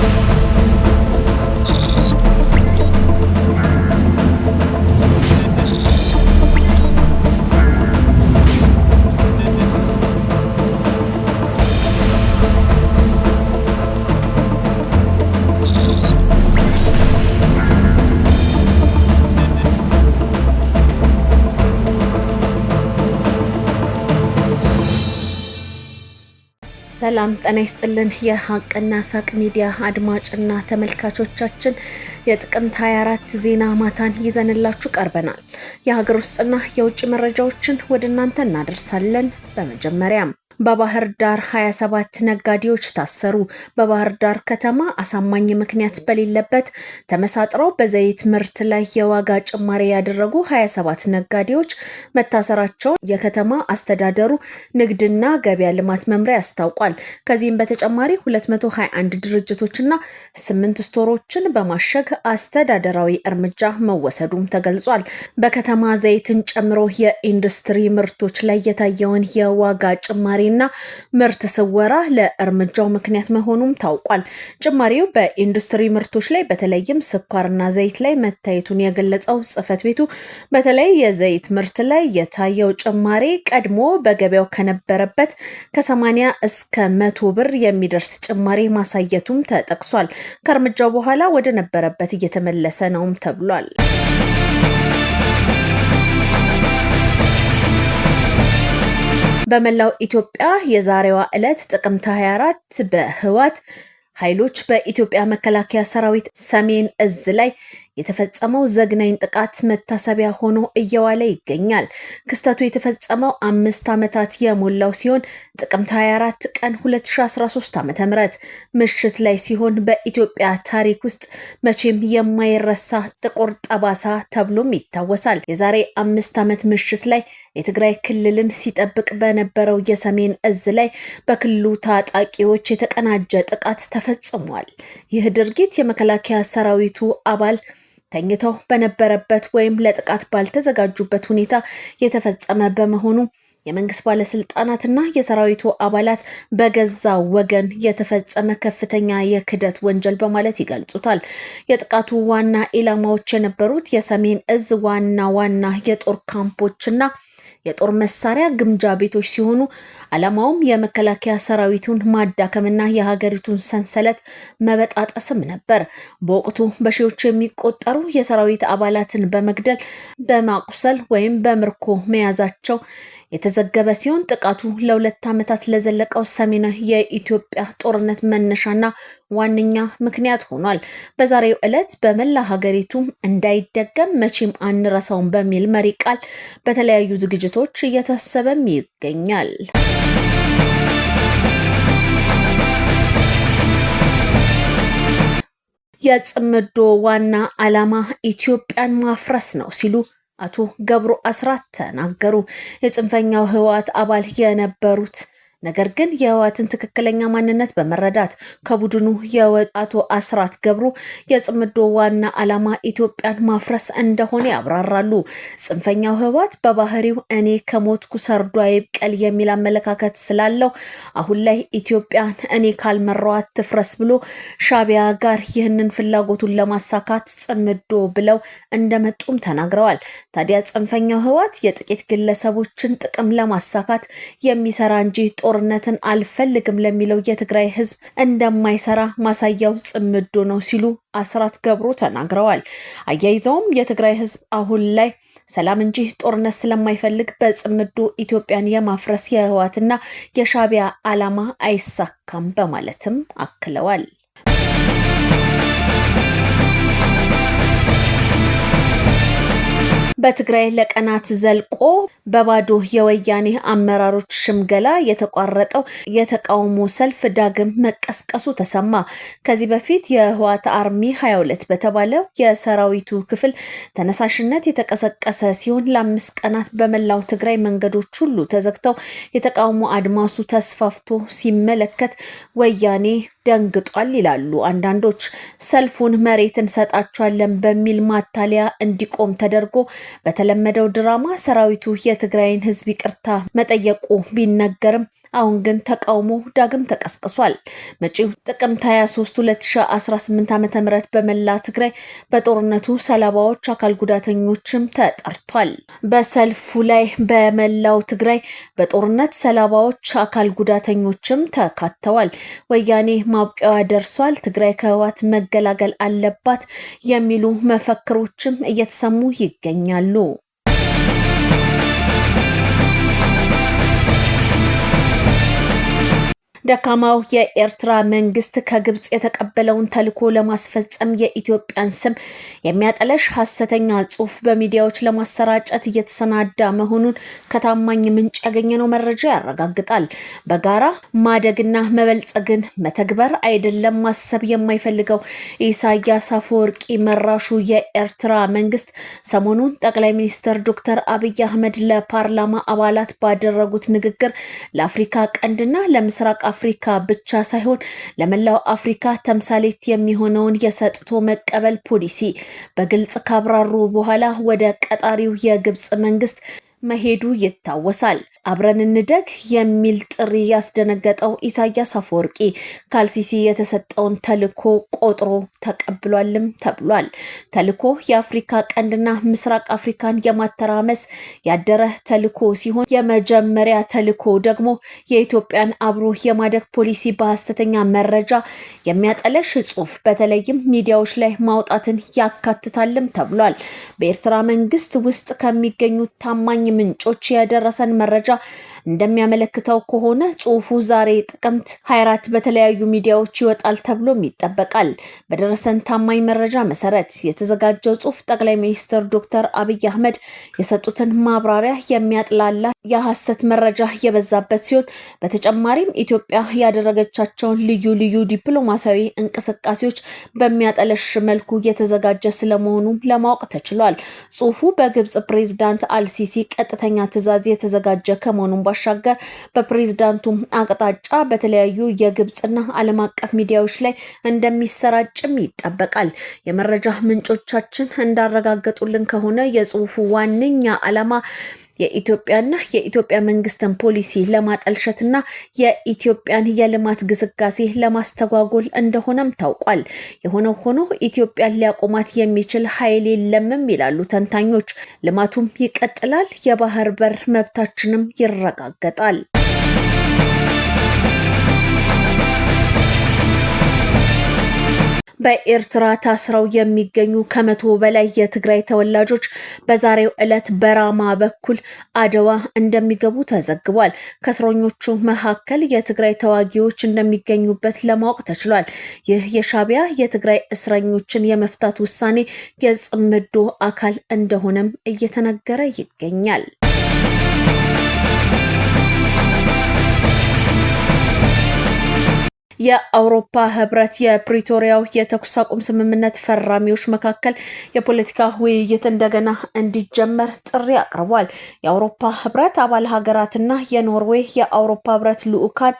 Thank you. ሰላም ጠና ይስጥልን። የሀቅና ሳቅ ሚዲያ አድማጭና ተመልካቾቻችን የጥቅምት 24 ዜና ማታን ይዘንላችሁ ቀርበናል። የሀገር ውስጥና የውጭ መረጃዎችን ወደ እናንተ እናደርሳለን። በመጀመሪያም በባህር ዳር 27 ነጋዴዎች ታሰሩ። በባህር ዳር ከተማ አሳማኝ ምክንያት በሌለበት ተመሳጥረው በዘይት ምርት ላይ የዋጋ ጭማሪ ያደረጉ 27 ነጋዴዎች መታሰራቸውን የከተማ አስተዳደሩ ንግድና ገበያ ልማት መምሪያ ያስታውቋል። ከዚህም በተጨማሪ 221 ድርጅቶችና 8 ስቶሮችን በማሸግ አስተዳደራዊ እርምጃ መወሰዱም ተገልጿል። በከተማ ዘይትን ጨምሮ የኢንዱስትሪ ምርቶች ላይ የታየውን የዋጋ ጭማሪ ጭማሪና ምርት ስወራ ለእርምጃው ምክንያት መሆኑም ታውቋል። ጭማሪው በኢንዱስትሪ ምርቶች ላይ በተለይም ስኳርና ዘይት ላይ መታየቱን የገለጸው ጽፈት ቤቱ በተለይ የዘይት ምርት ላይ የታየው ጭማሪ ቀድሞ በገበያው ከነበረበት ከ ከ80 እስከ መቶ ብር የሚደርስ ጭማሪ ማሳየቱም ተጠቅሷል። ከእርምጃው በኋላ ወደ ነበረበት እየተመለሰ ነውም ተብሏል። በመላው ኢትዮጵያ የዛሬዋ ዕለት ጥቅምት 24 በህወሓት ኃይሎች በኢትዮጵያ መከላከያ ሰራዊት ሰሜን እዝ ላይ የተፈጸመው ዘግናኝ ጥቃት መታሰቢያ ሆኖ እየዋለ ይገኛል። ክስተቱ የተፈጸመው አምስት ዓመታት የሞላው ሲሆን ጥቅምት 24 ቀን 2013 ዓ.ም ምሽት ላይ ሲሆን በኢትዮጵያ ታሪክ ውስጥ መቼም የማይረሳ ጥቁር ጠባሳ ተብሎም ይታወሳል። የዛሬ አምስት ዓመት ምሽት ላይ የትግራይ ክልልን ሲጠብቅ በነበረው የሰሜን እዝ ላይ በክልሉ ታጣቂዎች የተቀናጀ ጥቃት ተፈጽሟል። ይህ ድርጊት የመከላከያ ሰራዊቱ አባል ተኝተው በነበረበት ወይም ለጥቃት ባልተዘጋጁበት ሁኔታ የተፈጸመ በመሆኑ የመንግስት ባለስልጣናትና የሰራዊቱ አባላት በገዛ ወገን የተፈጸመ ከፍተኛ የክደት ወንጀል በማለት ይገልጹታል። የጥቃቱ ዋና ኢላማዎች የነበሩት የሰሜን እዝ ዋና ዋና የጦር ካምፖችና የጦር መሳሪያ ግምጃ ቤቶች ሲሆኑ ዓላማውም የመከላከያ ሰራዊቱን ማዳከምና የሀገሪቱን ሰንሰለት መበጣጠስም ነበር። በወቅቱ በሺዎች የሚቆጠሩ የሰራዊት አባላትን በመግደል በማቁሰል ወይም በምርኮ መያዛቸው የተዘገበ ሲሆን ጥቃቱ ለሁለት ዓመታት ለዘለቀው ሰሜን የኢትዮጵያ ጦርነት መነሻና ዋነኛ ምክንያት ሆኗል። በዛሬው ዕለት በመላ ሀገሪቱ እንዳይደገም መቼም አንረሳውም በሚል መሪ ቃል በተለያዩ ዝግጅቶች እየታሰበም ይገኛል። የጽምዶ ዋና ዓላማ ኢትዮጵያን ማፍረስ ነው ሲሉ አቶ ገብሩ አስራት ተናገሩ። የጽንፈኛው ህወሓት አባል የነበሩት ነገር ግን የህወሓትን ትክክለኛ ማንነት በመረዳት ከቡድኑ የወጣቶ አስራት ገብሩ የጽምዶ ዋና ዓላማ ኢትዮጵያን ማፍረስ እንደሆነ ያብራራሉ። ጽንፈኛው ህወሓት በባህሪው እኔ ከሞትኩ ሰርዶ አይብቀል የሚል አመለካከት ስላለው አሁን ላይ ኢትዮጵያን እኔ ካልመራዋት ትፍረስ ብሎ ሻቢያ ጋር ይህንን ፍላጎቱን ለማሳካት ጽምዶ ብለው እንደመጡም ተናግረዋል። ታዲያ ጽንፈኛው ህወሓት የጥቂት ግለሰቦችን ጥቅም ለማሳካት የሚሰራ እንጂ ጦርነትን አልፈልግም ለሚለው የትግራይ ህዝብ እንደማይሰራ ማሳያው ጽምዶ ነው ሲሉ አስራት ገብሩ ተናግረዋል። አያይዘውም የትግራይ ህዝብ አሁን ላይ ሰላም እንጂ ጦርነት ስለማይፈልግ በጽምዶ ኢትዮጵያን የማፍረስ የህወሓትና የሻዕቢያ ዓላማ አይሳካም በማለትም አክለዋል። በትግራይ ለቀናት ዘልቆ በባዶ የወያኔ አመራሮች ሽምገላ የተቋረጠው የተቃውሞ ሰልፍ ዳግም መቀስቀሱ ተሰማ። ከዚህ በፊት የህዋት አርሚ 22 በተባለው የሰራዊቱ ክፍል ተነሳሽነት የተቀሰቀሰ ሲሆን ለአምስት ቀናት በመላው ትግራይ መንገዶች ሁሉ ተዘግተው የተቃውሞ አድማሱ ተስፋፍቶ ሲመለከት ወያኔ ደንግጧል ይላሉ አንዳንዶች። ሰልፉን መሬት እንሰጣቸዋለን በሚል ማታለያ እንዲቆም ተደርጎ በተለመደው ድራማ ሰራዊቱ የትግራይን ህዝብ ይቅርታ መጠየቁ ቢነገርም አሁን ግን ተቃውሞ ዳግም ተቀስቅሷል። መጪው ጥቅምት 23 2018 ዓ ም በመላ ትግራይ በጦርነቱ ሰለባዎች አካል ጉዳተኞችም ተጠርቷል። በሰልፉ ላይ በመላው ትግራይ በጦርነት ሰለባዎች አካል ጉዳተኞችም ተካተዋል። ወያኔ ማብቂያዋ ደርሷል፣ ትግራይ ከህወሓት መገላገል አለባት የሚሉ መፈክሮችም እየተሰሙ ይገኛሉ። ደካማው የኤርትራ መንግስት ከግብፅ የተቀበለውን ተልዕኮ ለማስፈጸም የኢትዮጵያን ስም የሚያጠለሽ ሀሰተኛ ጽሑፍ በሚዲያዎች ለማሰራጨት እየተሰናዳ መሆኑን ከታማኝ ምንጭ ያገኘነው መረጃ ያረጋግጣል። በጋራ ማደግና መበልጸግን መተግበር አይደለም ማሰብ የማይፈልገው ኢሳያስ አፈወርቂ መራሹ የኤርትራ መንግስት ሰሞኑን ጠቅላይ ሚኒስትር ዶክተር አብይ አህመድ ለፓርላማ አባላት ባደረጉት ንግግር ለአፍሪካ ቀንድና ለምስራቅ አፍሪካ ብቻ ሳይሆን ለመላው አፍሪካ ተምሳሌት የሚሆነውን የሰጥቶ መቀበል ፖሊሲ በግልጽ ካብራሩ በኋላ ወደ ቀጣሪው የግብፅ መንግስት መሄዱ ይታወሳል። አብረን እንደግ የሚል ጥሪ ያስደነገጠው ኢሳያስ አፈወርቂ ከአልሲሲ የተሰጠውን ተልዕኮ ቆጥሮ ተቀብሏልም ተብሏል። ተልዕኮ የአፍሪካ ቀንድና ምስራቅ አፍሪካን የማተራመስ ያደረ ተልዕኮ ሲሆን የመጀመሪያ ተልዕኮ ደግሞ የኢትዮጵያን አብሮ የማደግ ፖሊሲ በሀሰተኛ መረጃ የሚያጠለሽ ጽሑፍ በተለይም ሚዲያዎች ላይ ማውጣትን ያካትታልም ተብሏል። በኤርትራ መንግስት ውስጥ ከሚገኙ ታማኝ ምንጮች የደረሰን መረጃ እንደሚያመለክተው ከሆነ ጽሁፉ ዛሬ ጥቅምት 24 በተለያዩ ሚዲያዎች ይወጣል ተብሎም ይጠበቃል። በደረሰን ታማኝ መረጃ መሰረት የተዘጋጀው ጽሁፍ ጠቅላይ ሚኒስትር ዶክተር አብይ አህመድ የሰጡትን ማብራሪያ የሚያጥላላ የሐሰት መረጃ የበዛበት ሲሆን በተጨማሪም ኢትዮጵያ ያደረገቻቸውን ልዩ ልዩ ዲፕሎማሲያዊ እንቅስቃሴዎች በሚያጠለሽ መልኩ የተዘጋጀ ስለመሆኑም ለማወቅ ተችሏል። ጽሁፉ በግብጽ ፕሬዝዳንት አልሲሲ ቀጥተኛ ትዕዛዝ የተዘጋጀ ከመሆኑም ባሻገር በፕሬዚዳንቱ አቅጣጫ በተለያዩ የግብፅና ዓለም አቀፍ ሚዲያዎች ላይ እንደሚሰራጭም ይጠበቃል። የመረጃ ምንጮቻችን እንዳረጋገጡልን ከሆነ የጽሁፉ ዋነኛ ዓላማ የኢትዮጵያና የኢትዮጵያ መንግስትን ፖሊሲ ለማጠልሸትና የኢትዮጵያን የልማት ግስጋሴ ለማስተጓጎል እንደሆነም ታውቋል። የሆነ ሆኖ ኢትዮጵያን ሊያቆማት የሚችል ኃይል የለምም ይላሉ ተንታኞች። ልማቱም ይቀጥላል፣ የባህር በር መብታችንም ይረጋገጣል። በኤርትራ ታስረው የሚገኙ ከመቶ በላይ የትግራይ ተወላጆች በዛሬው ዕለት በራማ በኩል አድዋ እንደሚገቡ ተዘግቧል። ከእስረኞቹ መካከል የትግራይ ተዋጊዎች እንደሚገኙበት ለማወቅ ተችሏል። ይህ የሻቢያ የትግራይ እስረኞችን የመፍታት ውሳኔ የጽምዶ አካል እንደሆነም እየተነገረ ይገኛል። የአውሮፓ ህብረት የፕሪቶሪያው የተኩስ አቁም ስምምነት ፈራሚዎች መካከል የፖለቲካ ውይይት እንደገና እንዲጀመር ጥሪ አቅርቧል። የአውሮፓ ህብረት አባል ሀገራትና የኖርዌይ የአውሮፓ ህብረት ልዑካን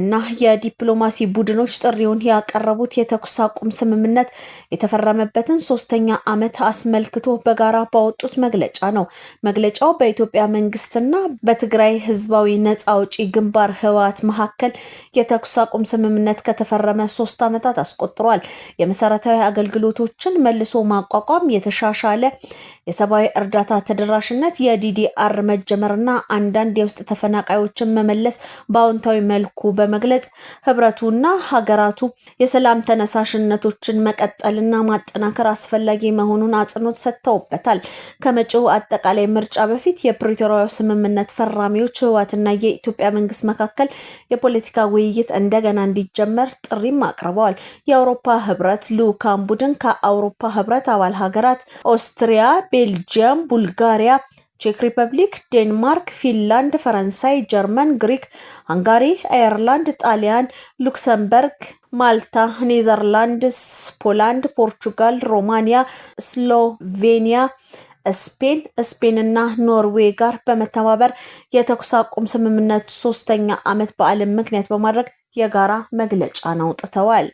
እና የዲፕሎማሲ ቡድኖች ጥሪውን ያቀረቡት የተኩስ አቁም ስምምነት የተፈረመበትን ሶስተኛ ዓመት አስመልክቶ በጋራ ባወጡት መግለጫ ነው። መግለጫው በኢትዮጵያ መንግስትና በትግራይ ህዝባዊ ነፃ አውጪ ግንባር ህወሓት መካከል የተኩስ አቁም ስምምነት ከተፈረመ ሶስት ዓመታት አስቆጥሯል። የመሰረታዊ አገልግሎቶችን መልሶ ማቋቋም፣ የተሻሻለ የሰብአዊ እርዳታ ተደራሽነት፣ የዲዲአር መጀመርና አንዳንድ የውስጥ ተፈናቃዮችን መመለስ በአዎንታዊ መልኩ በመግለጽ ህብረቱና ሀገራቱ የሰላም ተነሳሽነቶችን መቀጠልና ማጠናከር አስፈላጊ መሆኑን አጽንኦት ሰጥተውበታል። ከመጪው አጠቃላይ ምርጫ በፊት የፕሪቶሪያው ስምምነት ፈራሚዎች ህወሓትና የኢትዮጵያ መንግስት መካከል የፖለቲካ ውይይት እንደገና እንዲጀመር ጥሪም አቅርበዋል። የአውሮፓ ህብረት ልዑካን ቡድን ከአውሮፓ ህብረት አባል ሀገራት ኦስትሪያ፣ ቤልጅየም፣ ቡልጋሪያ ቼክ ሪፐብሊክ፣ ዴንማርክ፣ ፊንላንድ፣ ፈረንሳይ፣ ጀርመን፣ ግሪክ፣ ሃንጋሪ፣ አየርላንድ፣ ጣሊያን፣ ሉክሰምበርግ፣ ማልታ፣ ኔዘርላንድስ፣ ፖላንድ፣ ፖርቹጋል፣ ሮማኒያ፣ ስሎቬኒያ ስፔን ስፔን እና ኖርዌይ ጋር በመተባበር የተኩስ አቁም ስምምነቱ ሶስተኛ ዓመት በዓልን ምክንያት በማድረግ የጋራ መግለጫን አውጥተዋል።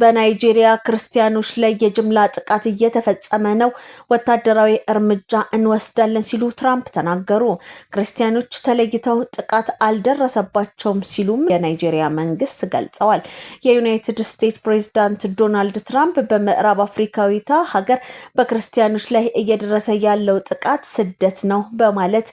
በናይጄሪያ ክርስቲያኖች ላይ የጅምላ ጥቃት እየተፈጸመ ነው፣ ወታደራዊ እርምጃ እንወስዳለን ሲሉ ትራምፕ ተናገሩ። ክርስቲያኖች ተለይተው ጥቃት አልደረሰባቸውም ሲሉም የናይጄሪያ መንግስት ገልጸዋል። የዩናይትድ ስቴትስ ፕሬዚዳንት ዶናልድ ትራምፕ በምዕራብ አፍሪካዊቷ ሀገር በክርስቲያኖች ላይ እየደረሰ ያለው ጥቃት ስደት ነው በማለት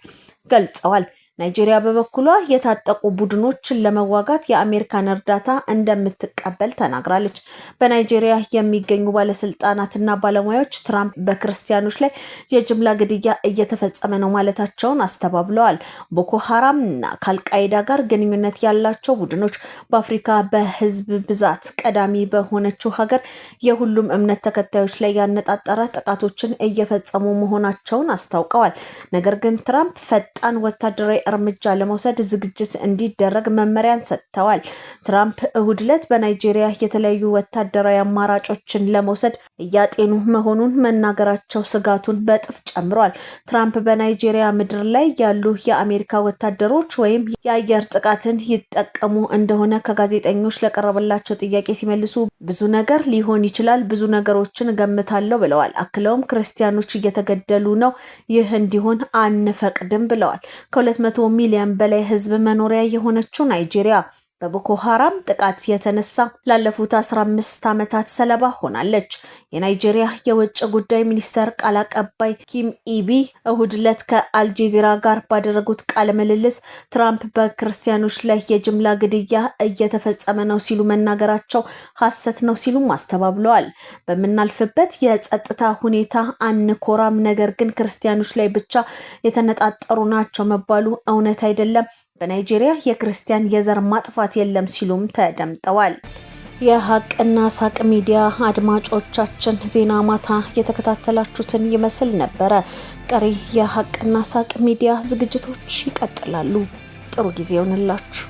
ገልጸዋል። ናይጄሪያ በበኩሏ የታጠቁ ቡድኖችን ለመዋጋት የአሜሪካን እርዳታ እንደምትቀበል ተናግራለች። በናይጄሪያ የሚገኙ ባለስልጣናትና ባለሙያዎች ትራምፕ በክርስቲያኖች ላይ የጅምላ ግድያ እየተፈጸመ ነው ማለታቸውን አስተባብለዋል። ቦኮ ሀራም እና ከአልቃይዳ ጋር ግንኙነት ያላቸው ቡድኖች በአፍሪካ በህዝብ ብዛት ቀዳሚ በሆነችው ሀገር የሁሉም እምነት ተከታዮች ላይ ያነጣጠረ ጥቃቶችን እየፈጸሙ መሆናቸውን አስታውቀዋል። ነገር ግን ትራምፕ ፈጣን ወታደራዊ እርምጃ ለመውሰድ ዝግጅት እንዲደረግ መመሪያን ሰጥተዋል። ትራምፕ እሁድ ዕለት በናይጄሪያ የተለያዩ ወታደራዊ አማራጮችን ለመውሰድ እያጤኑ መሆኑን መናገራቸው ስጋቱን በእጥፍ ጨምሯል። ትራምፕ በናይጄሪያ ምድር ላይ ያሉ የአሜሪካ ወታደሮች ወይም የአየር ጥቃትን ይጠቀሙ እንደሆነ ከጋዜጠኞች ለቀረበላቸው ጥያቄ ሲመልሱ ብዙ ነገር ሊሆን ይችላል፣ ብዙ ነገሮችን ገምታለሁ ብለዋል። አክለውም ክርስቲያኖች እየተገደሉ ነው፣ ይህ እንዲሆን አንፈቅድም ብለዋል። ከሁለት መቶ ከመቶ ሚሊዮን በላይ ህዝብ መኖሪያ የሆነችው ናይጄሪያ በቦኮ ጥቃት የተነሳ ላለፉት 15 ዓመታት ሰለባ ሆናለች። የናይጄሪያ የውጭ ጉዳይ ሚኒስቴር ቃል አቀባይ ኪም ኢቢ እሁድ ዕለት ከአልጄዚራ ጋር ባደረጉት ቃለ ምልልስ ትራምፕ በክርስቲያኖች ላይ የጅምላ ግድያ እየተፈጸመ ነው ሲሉ መናገራቸው ሐሰት ነው ሲሉም አስተባብለዋል። በምናልፍበት የጸጥታ ሁኔታ አንኮራም፣ ነገር ግን ክርስቲያኖች ላይ ብቻ የተነጣጠሩ ናቸው መባሉ እውነት አይደለም በናይጄሪያ የክርስቲያን የዘር ማጥፋት የለም ሲሉም ተደምጠዋል። የሀቅና ሳቅ ሚዲያ አድማጮቻችን ዜና ማታ የተከታተላችሁትን ይመስል ነበረ። ቀሪ የሀቅና ሳቅ ሚዲያ ዝግጅቶች ይቀጥላሉ። ጥሩ ጊዜ ይሆንላችሁ።